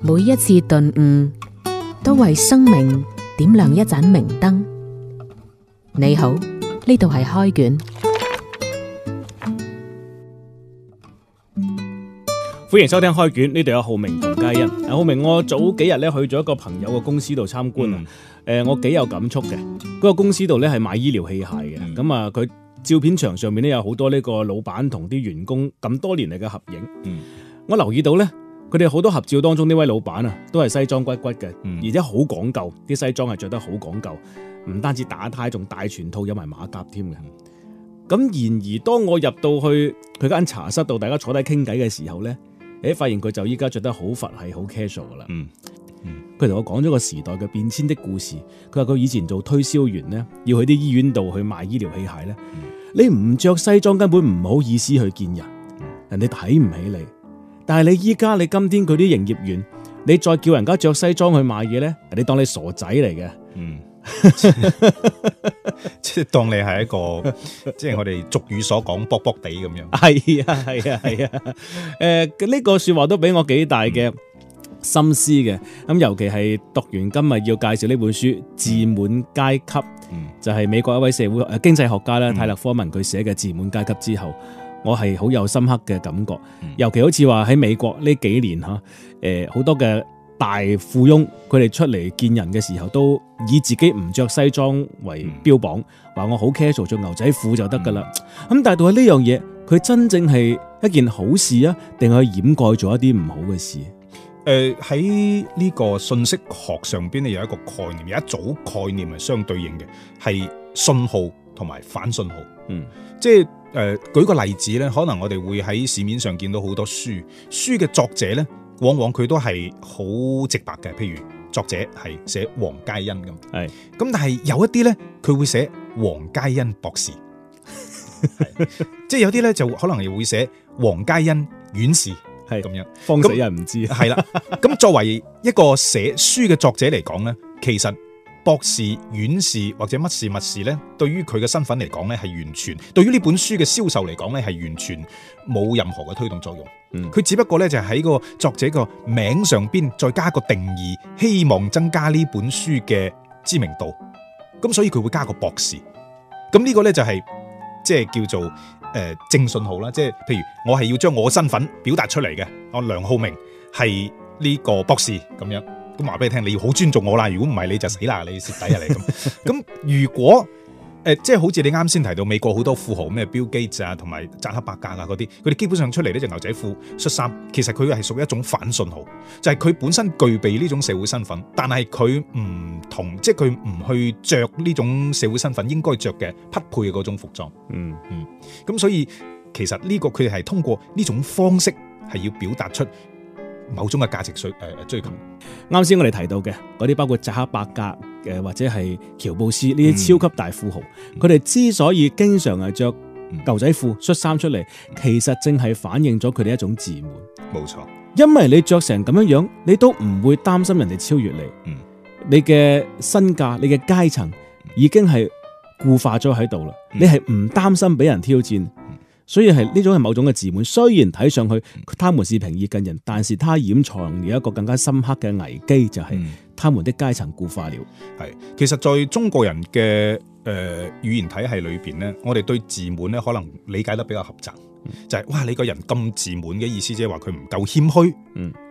每一次頓悟，都為生命點亮一盞明燈。你好，呢度係開卷，歡迎收聽開卷。呢度有浩明同佳欣。阿浩明，我早幾日咧去咗一個朋友嘅公司度參觀啊。誒、嗯呃，我幾有感觸嘅。嗰、那個公司度咧係賣醫療器械嘅。咁啊、嗯，佢照片牆上面咧有好多呢個老闆同啲員工咁多年嚟嘅合影。嗯、我留意到呢。佢哋好多合照當中，呢位老闆啊，都係西裝骨骨嘅，嗯、而且好講究啲西裝係着得好講究，唔單止打呔，仲帶全套有埋馬甲添嘅。咁、嗯、然而當我入到去佢間茶室度，大家坐低傾偈嘅時候咧，誒，發現佢就依家着得好佛系，好 casual 噶啦。佢同、嗯嗯、我講咗個時代嘅變遷的故事。佢話佢以前做推銷員咧，要去啲醫院度去賣醫療器械咧，嗯、你唔着西裝根本唔好意思去見人，嗯、人哋睇唔起你。但係你依家你今天佢啲營業員，你再叫人家着西裝去買嘢咧，你當你傻仔嚟嘅，即係、嗯、 當你係一個，即係我哋俗語所講卜卜地咁樣。係啊係啊係啊，誒呢個說話都俾我幾大嘅、嗯、心思嘅。咁、呃、尤其係讀完今日要介紹呢本書《自、嗯、滿階級》嗯，就係美國一位社會誒經濟學家咧、嗯、泰勒科文佢寫嘅《自滿階級》之後，我係好有深刻嘅感覺，尤其好似話喺美國呢幾年吓，誒好、嗯、多嘅大富翁佢哋出嚟見人嘅時候，都以自己唔着西裝為標榜，話、嗯、我好 casual 着牛仔褲就得噶啦。咁、嗯、但係到底呢樣嘢，佢真正係一件好事啊，定係掩蓋咗一啲唔好嘅事？誒喺呢個信息學上邊咧，有一個概念，有一組概念係相對應嘅，係信號同埋反信號，嗯，即係。誒、呃，舉個例子咧，可能我哋會喺市面上見到好多書，書嘅作者咧，往往佢都係好直白嘅，譬如作者係寫黃佳欣咁，係是，咁但係有一啲咧，佢會寫黃佳欣博士，是即係有啲咧就可能又會寫黃佳欣院士，係咁是樣，方死人唔知，係啦那，咁 作為一個寫書嘅作者嚟講咧，其實。博士、院士或者乜事物事呢？對於佢嘅身份嚟講呢係完全，對於呢本書嘅銷售嚟講呢係完全冇任何嘅推動作用。嗯，佢只不過呢，就喺個作者個名上邊再加個定義，希望增加呢本書嘅知名度。咁所以佢會加個博士。咁呢個呢、就是，就係即係叫做誒、呃、正信號啦。即係譬如我係要將我身份表達出嚟嘅，我梁浩明係呢個博士咁樣。都話俾你聽，你要好尊重我啦！如果唔係，你就死啦！你蝕底啊！你咁咁， 如果誒、呃，即係好似你啱先提到美國好多富豪咩 Bill Gates 啊，同埋扎克伯格啊嗰啲，佢哋基本上出嚟呢就牛仔褲、恤衫，其實佢係屬於一種反信號，就係、是、佢本身具備呢種社會身份，但係佢唔同，即係佢唔去着呢種社會身份應該着嘅匹配嘅嗰種服裝。嗯嗯，咁所以其實呢個佢哋係通過呢種方式係要表達出。某種嘅價值、呃、追誒追求，啱先我哋提到嘅嗰啲包括扎克伯格誒、呃、或者係喬布斯呢啲超級大富豪，佢哋、嗯、之所以經常係着牛仔褲、恤衫、嗯、出嚟，其實正係反映咗佢哋一種自滿。冇錯，因為你着成咁樣樣，你都唔會擔心人哋超越你。嗯、你嘅身價、你嘅階層已經係固化咗喺度啦，嗯、你係唔擔心俾人挑戰。所以係呢種係某種嘅自滿，雖然睇上去他們是平易近人，但是他掩藏了一個更加深刻嘅危機就係、是、他們的階層固化了。係其實在中國人嘅誒、呃、語言體系裏邊我哋對自滿可能理解得比較狹窄。就係、是、哇你這個人咁自滿嘅意思，即係話佢唔夠謙虛，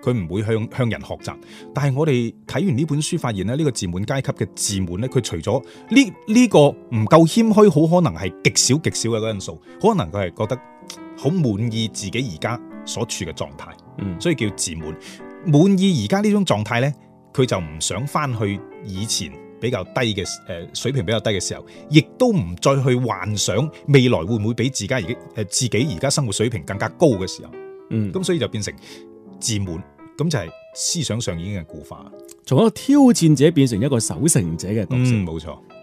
佢唔、嗯、會向向人學習。但係我哋睇完呢本書，發現咧呢、這個自滿階級嘅自滿咧，佢除咗呢呢個唔夠謙虛，好可能係極少極少嘅嗰因素，可能佢係覺得好滿意自己而家所處嘅狀態，嗯、所以叫自滿。滿意而家呢種狀態咧，佢就唔想翻去以前。比較低嘅水平，比較低嘅時候，亦都唔再去幻想未來會唔會比自家而家自己而家生活水平更加高嘅時候，嗯，咁所以就變成自滿，咁就係思想上已經係固化，從一個挑戰者變成一個守成者嘅角色。冇錯，嗯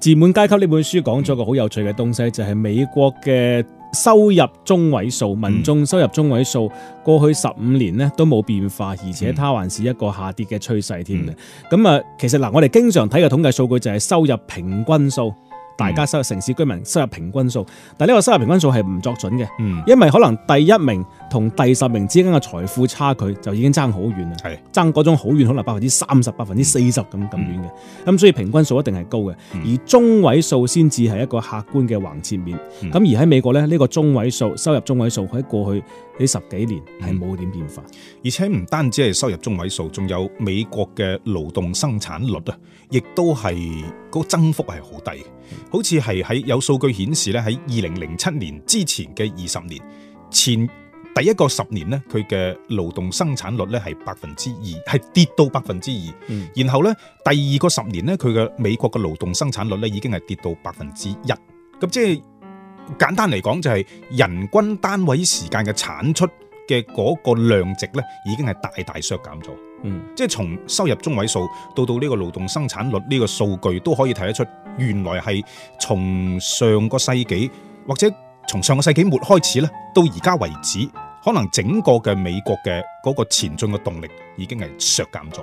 《自滿階級》呢本書講咗個好有趣嘅東西，就係、是、美國嘅收入中位數，民眾收入中位數過去十五年咧都冇變化，而且它還是一個下跌嘅趨勢添嘅。咁啊、嗯，其實嗱，我哋經常睇嘅統計數據就係收入平均數。嗯、大家收入城市居民收入平均數，但係呢個收入平均數係唔作準嘅，嗯、因為可能第一名同第十名之間嘅財富差距就已經爭好遠啦，爭嗰種好遠，可能百分之三十、百分之四十咁咁遠嘅，咁、嗯、所以平均數一定係高嘅，嗯、而中位數先至係一個客觀嘅橫切面，咁、嗯、而喺美國咧，呢個中位數收入中位數喺過去。呢十幾年係冇點變化，而且唔單止係收入中位數，仲有美國嘅勞動生產率啊，亦都係個增幅係好低，好似係喺有數據顯示咧，喺二零零七年之前嘅二十年前第一個十年呢，佢嘅勞動生產率咧係百分之二，係跌到百分之二，嗯、然後咧第二個十年咧，佢嘅美國嘅勞動生產率咧已經係跌到百分之一，咁即係。簡單嚟講就係人均單位時間嘅產出嘅嗰個量值咧，已經係大大削減咗。嗯，即係從收入中位數到到呢個勞動生產率呢個數據都可以睇得出，原來係從上個世紀或者從上個世紀末開始咧，到而家為止，可能整個嘅美國嘅嗰個前進嘅動力已經係削減咗。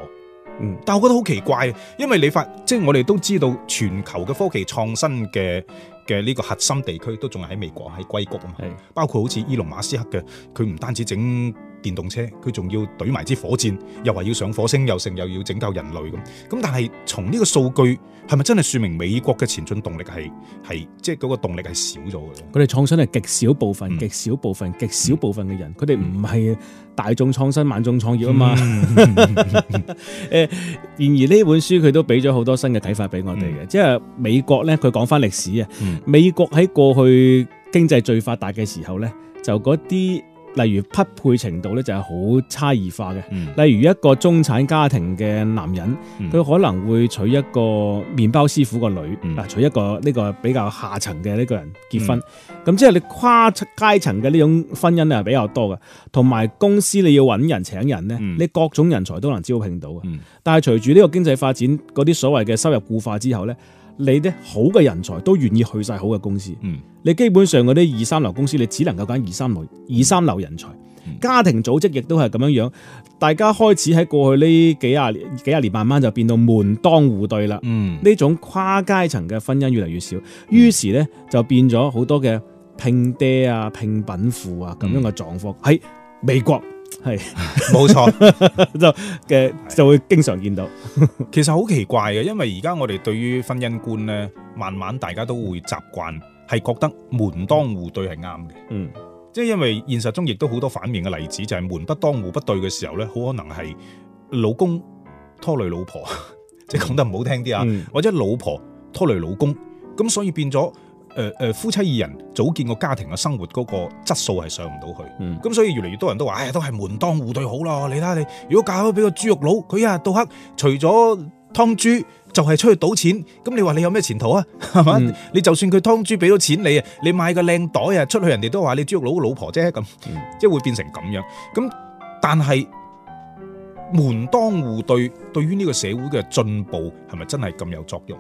嗯，但我覺得好奇怪，因為你發即係、就是、我哋都知道全球嘅科技創新嘅。嘅呢個核心地區都仲係喺美國，喺硅谷啊嘛，是的 包括好似伊隆馬斯克嘅，佢唔單止整。電動車佢仲要懟埋支火箭，又話要上火星又，又成又要拯救人類咁咁。但係從呢個數據係咪真係說明美國嘅前進動力係係即係嗰個動力係少咗嘅？佢哋創新係極少部分、極少部分、極少、嗯、部分嘅人，佢哋唔係大眾創新、萬眾創業啊嘛。誒，然而呢本書佢都俾咗好多新嘅啟發俾我哋嘅，嗯、即係美國咧，佢講翻歷史啊，嗯、美國喺過去經濟最發達嘅時候咧，就嗰啲。例如匹配程度咧就係好差異化嘅，嗯、例如一個中產家庭嘅男人，佢、嗯、可能會娶一個麵包師傅個女，嗯、娶一個呢個比較下層嘅呢個人結婚，咁即係你跨階層嘅呢種婚姻係比較多嘅，同埋公司你要揾人請人咧，嗯、你各種人才都能招聘到嘅，嗯、但係隨住呢個經濟發展嗰啲所謂嘅收入固化之後咧。你啲好嘅人才都願意去晒好嘅公司，嗯、你基本上嗰啲二三流公司，你只能夠揀二三流、嗯、二三流人才。嗯、家庭組織亦都係咁樣樣，大家開始喺過去呢幾廿年幾廿年慢慢就變到門當戶對啦。呢、嗯、種跨階層嘅婚姻越嚟越少，於、嗯、是咧就變咗好多嘅拼爹啊、拼品富啊咁樣嘅狀況喺美國。係冇錯就嘅就，就會經常見到，是 其實好奇怪嘅，因為而家我哋對於婚姻觀咧，慢慢大家都會習慣係覺得門當戶對係啱嘅，嗯，即係因為現實中亦都好多反面嘅例子，就係、是、門不當戶不對嘅時候咧，好可能係老公拖累老婆，即係講得唔好聽啲啊，嗯、或者老婆拖累老公，咁所以變咗。誒誒、呃，夫妻二人組建個家庭嘅生活嗰、那個質素係上唔到去，咁、嗯、所以越嚟越多人都話：哎呀，都係門當戶對好咯。你睇下，你如果嫁咗俾個豬肉佬，佢一日到黑除咗劏豬，就係出去賭錢，咁你話你有咩前途啊？係嘛、嗯？ 你就算佢劏豬俾咗錢你啊，你買個靚袋啊，出去人哋都話你豬肉佬嘅老婆啫，咁即係會變成咁樣。咁但係門當戶對對於呢個社會嘅進步係咪真係咁有作用？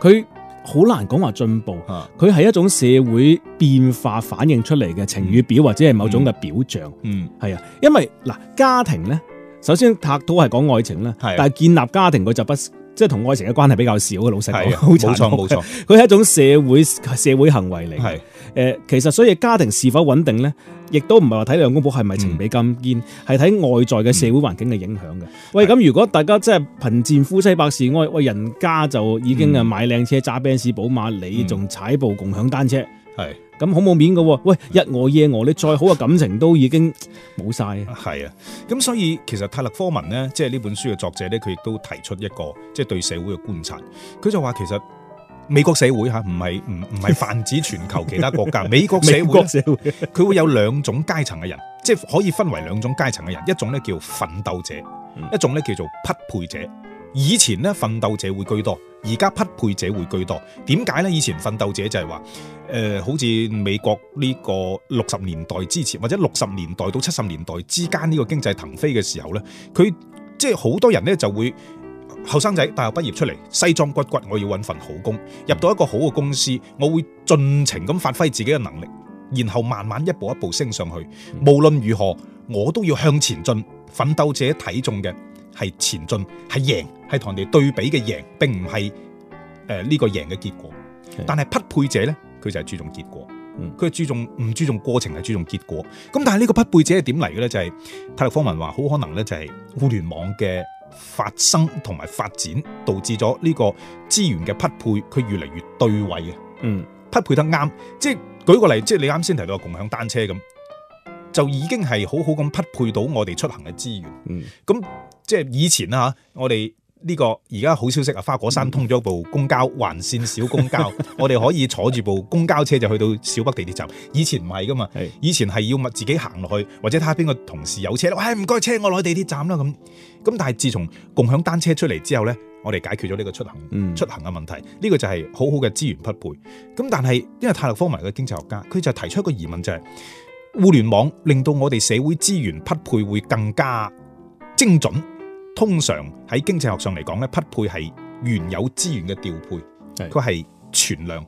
佢？好難講話進步，佢係一種社會變化反映出嚟嘅情語表、嗯、或者係某種嘅表象。嗯、係、嗯、啊，因為嗱家庭咧，首先拍拖係講愛情啦，的但係建立家庭佢就不即係同愛情嘅關係比較少嘅，老實講，好慘的。冇錯冇錯，佢係一種社會社會行為嚟。係誒的、呃，其實所以家庭是否穩定咧？亦都唔係話睇兩公婆係咪情比金堅，係睇、嗯、外在嘅社會環境嘅影響嘅。嗯、喂，咁的如果大家即係貧賤夫妻百事哀，我人家就已經啊買靚車揸奔、嗯、士寶馬，你仲踩一部共享單車，係咁好冇面噶？的喂，日我夜我，你再好嘅感情都已經冇晒。係啊，咁所以其實泰勒科文呢，即係呢本書嘅作者呢，佢亦都提出一個即係、就是、對社會嘅觀察。佢就話其實。美國社會吓，唔係唔唔係泛指全球其他國家。美國社會，佢 會，會有兩種階層嘅人，即係可以分為兩種階層嘅人，一種咧叫奮鬥者，一種咧叫做匹配者。以前咧奮鬥者會居多，而家匹配者會居多。點解呢？以前奮鬥者就係、是、話，誒、呃，好似美國呢個六十年代之前，或者六十年代到七十年代之間呢個經濟騰飛嘅時候呢，佢即係好多人呢就會。後生仔大學畢業出嚟，西裝骨骨，我要揾份好工，入到一個好嘅公司，我會盡情咁發揮自己嘅能力，然後慢慢一步一步升上去。無論如何，我都要向前進。奮鬥者睇重嘅係前進，係贏，係同人哋對比嘅贏，並唔係誒呢個贏嘅結果。是的 但係匹配者呢，佢就係注重結果，佢、嗯、注重唔注重過程係、就係、注重結果。咁但係呢個匹配者係點嚟嘅呢？就係泰勒科文話，好可能呢就係互聯網嘅。發生同埋發展，導致咗呢個資源嘅匹配，佢越嚟越對位。嗯，匹配得啱，即係舉個例，即係你啱先提到個共享單車咁，就已經係好好咁匹配到我哋出行嘅資源。嗯，咁即係以前啊，吓，我哋。呢個而家好消息啊！花果山通咗部公交環線小公交， 我哋可以坐住部公交車就去到小北地鐵站。以前唔係噶嘛，以前係要自己行落去，或者睇下邊個同事有車咯。唉、哎，唔該，車我落去地鐵站啦咁。咁但係自從共享單車出嚟之後呢，我哋解決咗呢個出行出行嘅問題。呢、這個就係好好嘅資源匹配。咁但係因為泰勒科文嘅經濟學家，佢就提出一個疑問、就是，就係互聯網令到我哋社會資源匹配會更加精準。通常喺經濟學上嚟講咧，匹配係原有資源嘅調配，佢係存量，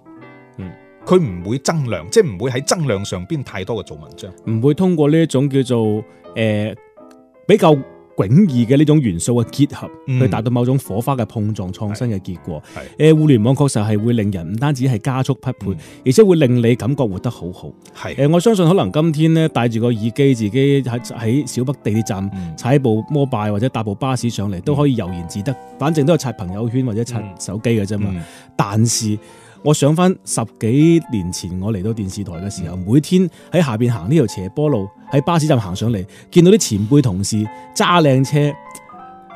佢唔會增量，即係唔會喺增量上邊太多嘅做文章，唔會通過呢一種叫做誒、呃、比較。迥異嘅呢種元素嘅結合，ub, 嗯、去達到某種火花嘅碰撞創新嘅結果。誒、呃，互聯網確實係會令人唔單止係加速匹配，嗯、而且會令你感覺活得好好。係誒是、呃，我相信可能今天呢，戴住個耳機自己喺喺小北地鐵站、嗯、踩部摩拜或者搭部巴士上嚟，都可以悠然自得，嗯、反正都係刷朋友圈或者刷手機嘅啫嘛。嗯、但是我想翻十幾年前我嚟到電視台嘅時候，嗯、每天喺下面行呢條斜坡路，喺巴士站行上嚟，見到啲前輩同事揸靚車，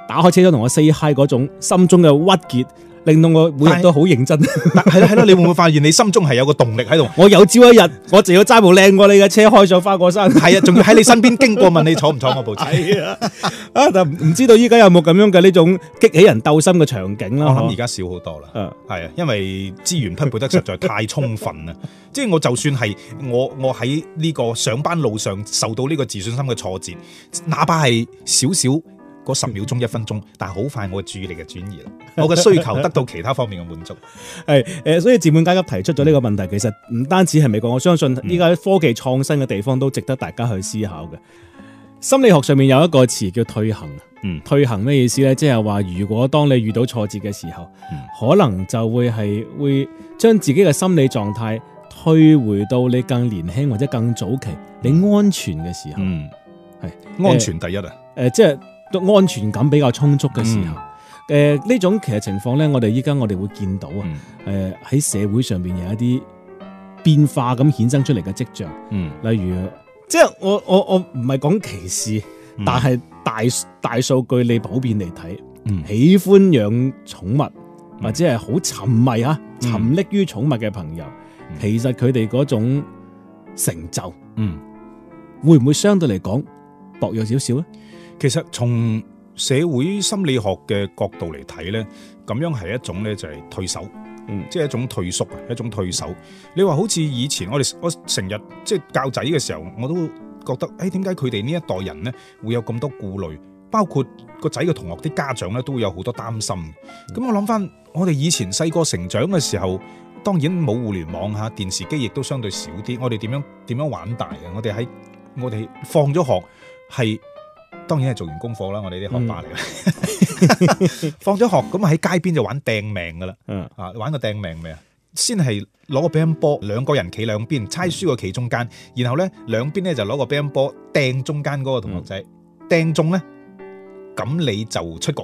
打開車窗同我 say hi 嗰種，心中嘅鬱結。令到我每日都好認真是，係咯係咯，你會唔會發現你心中係有個動力喺度？我有朝一日我就要揸部靚過你嘅車開上花果山，係啊，仲要喺你身邊經過問你坐唔坐我部車啊？啊，但唔知道依家有冇咁樣嘅呢種激起人鬥心嘅場景咯？我諗而家少好多啦。嗯的，係啊，因為資源分配得實在太充分啦，即係 我就算係我我喺呢個上班路上受到呢個自信心嘅挫折，哪怕係少少。十秒鐘、一分鐘，但係好快，我嘅注意力嘅轉移啦。 我嘅需求得到其他方面嘅滿足，係誒，所以資本階級提出咗呢個問題，嗯、其實唔單止係美國，我相信依家喺科技創新嘅地方都值得大家去思考嘅。心理學上面有一個詞叫退行，嗯，退行咩意思呢？即係話如果當你遇到挫折嘅時候，嗯、可能就會係會將自己嘅心理狀態退回到你更年輕或者更早期，嗯、你安全嘅時候，嗯，係是安全第一啊，誒、呃呃，即係。都安全感比較充足嘅時候，誒呢、嗯呃、種其實情況咧，我哋依家我哋會見到啊，誒喺、嗯呃、社會上邊有一啲變化咁衍生出嚟嘅跡象，嗯，例如即係我我我唔係講歧視，嗯、但係大大數據你普遍嚟睇，嗯、喜歡養寵物、嗯、或者係好沉迷吓沉溺於寵物嘅朋友，嗯、其實佢哋嗰種成就，嗯，會唔會相對嚟講薄弱少少咧？其實，從社會心理學嘅角度嚟睇咧，咁樣係一種咧就係退守，嗯，即係一種退縮啊，一種退守。你話好似以前我哋我成日即係教仔嘅時候，我都覺得，誒點解佢哋呢一代人咧會有咁多顧慮？包括個仔嘅同學啲家長咧都會有好多擔心。咁、嗯、我諗翻我哋以前細個成長嘅時候，當然冇互聯網吓，電視機亦都相對少啲。我哋點樣點樣玩大嘅？我哋喺我哋放咗學係。是當然係做完功課啦，我哋啲學霸嚟，放咗學咁喺街邊就玩掟命噶啦，啊玩個掟命未啊？先係攞個乒乓波，兩個人企兩邊，猜輸嗰企中間，然後咧兩邊咧就攞個乒乓波掟中間嗰個同學仔，掟中咧咁你就出局。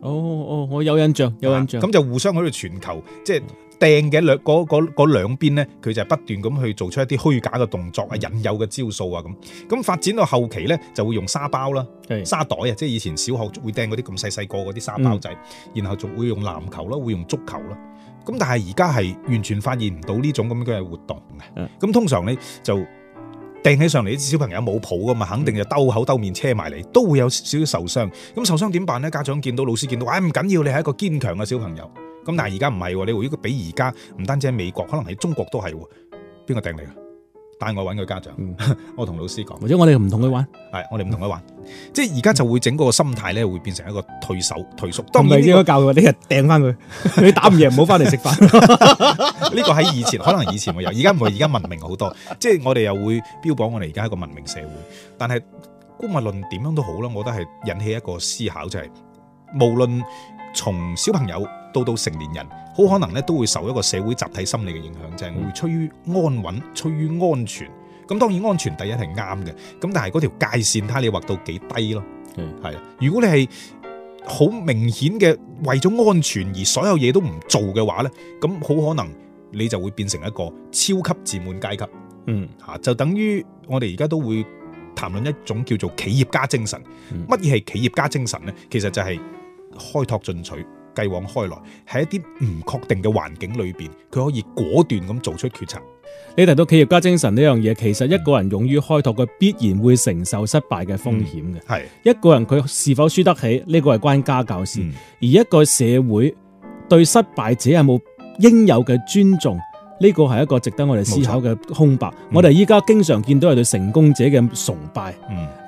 哦哦，我有印象，有印象。咁就互相喺度傳球，即係。掟嘅兩嗰嗰邊咧，佢就係不斷咁去做出一啲虛假嘅動作啊，引誘嘅招數啊咁。咁發展到後期咧，就會用沙包啦，的沙袋啊，即係以前小學會掟嗰啲咁細細個嗰啲沙包仔，嗯、然後仲會用籃球啦，會用足球啦。咁但係而家係完全發現唔到呢種咁嘅活動嘅。咁、嗯、通常呢，就掟起上嚟啲小朋友冇抱噶嘛，肯定就兜口兜面車埋嚟，都會有少少受傷。咁受傷點辦咧？家長見到老師見到，唉、哎、唔緊要，你係一個堅強嘅小朋友。咁但係而家唔係你會比而家唔單止喺美國，可能喺中國都係邊個掟你？帶我揾佢家長，嗯、我同老師講，或者我哋唔同佢玩，係我哋唔同佢玩，嗯、即係而家就會整個心態咧，會變成一個退守退縮。都唔係應該教佢你係掟翻佢，你， 你打唔贏唔好翻嚟食飯。呢 個喺以前可能以前我有，而家唔係而家文明好多，即係我哋又會標榜我哋而家一個文明社會。但係，姑勿論點樣都好啦，我覺得係引起一個思考，就係、是、無論從小朋友。到到成年人，好可能咧，都會受一個社會集體心理嘅影響，就係、是、會趨於安穩、趨於安全。咁當然安全第一係啱嘅，咁但係嗰條界線，睇你劃到幾低咯。係如果你係好明顯嘅為咗安全而所有嘢都唔做嘅話呢，咁好可能你就會變成一個超級自滿階級。嗯，吓就等於我哋而家都會談論一種叫做企業家精神。乜嘢係企業家精神呢？其實就係開拓進取。繼往開來，喺一啲唔確定嘅環境裏邊，佢可以果斷咁做出決策。你提到企業家精神呢樣嘢，其實一個人勇於開拓，佢必然會承受失敗嘅風險嘅。係、嗯、一個人佢是否輸得起，呢、呢個係關家教事。嗯、而一個社會對失敗者有冇應有嘅尊重，呢、呢個係一個值得我哋思考嘅空白。錯我哋依家經常見到係對成功者嘅崇拜，誒、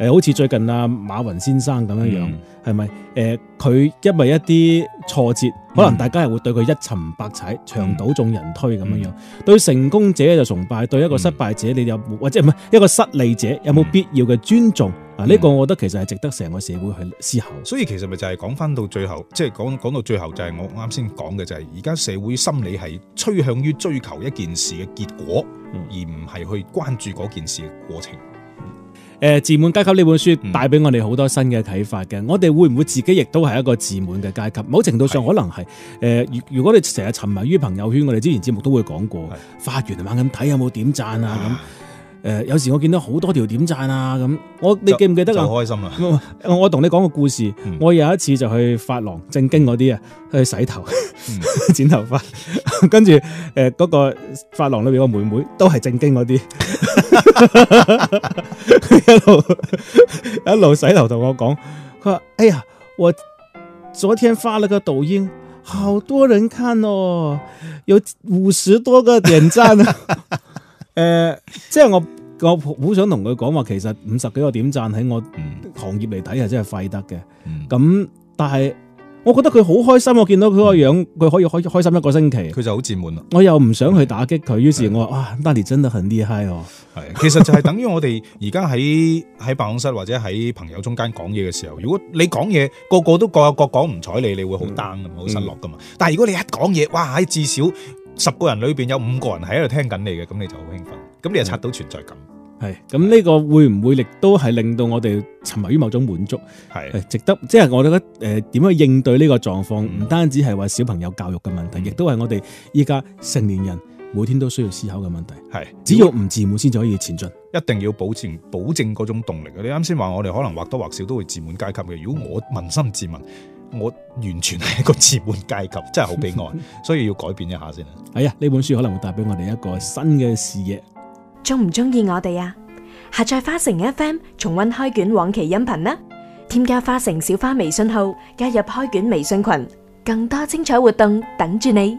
嗯，好似最近啊馬雲先生咁樣樣。嗯係咪？誒，佢、呃、因為一啲挫折，可能大家係會對佢一沉百踩，牆倒眾人推咁樣、嗯、樣。對成功者就崇拜，對一個失敗者，嗯、你有冇或者唔係一個失利者，有冇必要嘅尊重？嗱、嗯、呢、啊這個我覺得其實係值得成個社會去思考、嗯。所以其實咪就係講翻到最後，即係講講到最後就係我啱先講嘅，就係而家社會心理係趨向於追求一件事嘅結果，嗯、而唔係去關注嗰件事嘅過程。誒、呃、自滿階級呢本書帶俾我哋好多新嘅啟發嘅，我哋會唔會自己亦都係一個自滿嘅階級？某程度上可能係誒、呃，如果你成日沉迷於朋友圈，我哋之前節目都會講過，是的 發完猛咁睇，有冇點贊點讚啊咁。啊誒、呃，有時我見到好多條點讚啊咁、嗯，我你記唔記得啊？開心啊！我同你講個故事，嗯、我有一次就去髮廊正經嗰啲啊，去洗頭、嗯、剪頭髮，跟住誒嗰個髮廊裏邊個妹妹都係正經嗰啲， 佢一路一路洗頭同我講，佢話：哎呀，我昨天發了個抖音，好多人看哦，有五十多個點讚啊！ 誒，即係我我好想同佢講話，其實五十幾個點讚喺我行業嚟睇係真係廢得嘅。咁但係我覺得佢好開心，我見到佢個樣，佢可以開開心一個星期。佢就好自滿啦。我又唔想去打擊佢，於是我話：「哇 Nadi 真的很厲害喎。」係，其實就係等於我哋而家喺喺辦公室或者喺朋友中間講嘢嘅時候，如果你講嘢個個都各有各講唔睬你，你會好 down 咁，好失落噶嘛。但係如果你一講嘢，哇，喺至少。十個人裏邊有五個人喺度聽緊你嘅，咁你就好興奮，咁你就刷到存在感、嗯，係咁呢個會唔會亦都係令到我哋沉迷於某種滿足？係是值得，即係我覺得誒點樣應對呢個狀況，唔單止係話小朋友教育嘅問題，亦都係我哋依家成年人每天都需要思考嘅問題。係是，只要唔自滿先至可以前進，一定要保持保證嗰種動力。你啱先話我哋可能或多或少都會自滿階級嘅，如果我問心自問，我完全係一個資本階級，真係好悲哀，所以要改變一下先啦。哎呀，呢本書可能會帶俾我哋一個新嘅視野。鍾唔鍾意我哋啊？下載花城 FM 重溫開卷往期音頻啦，添加花城小花微信號，加入開卷微信群，更多精彩活動等住你。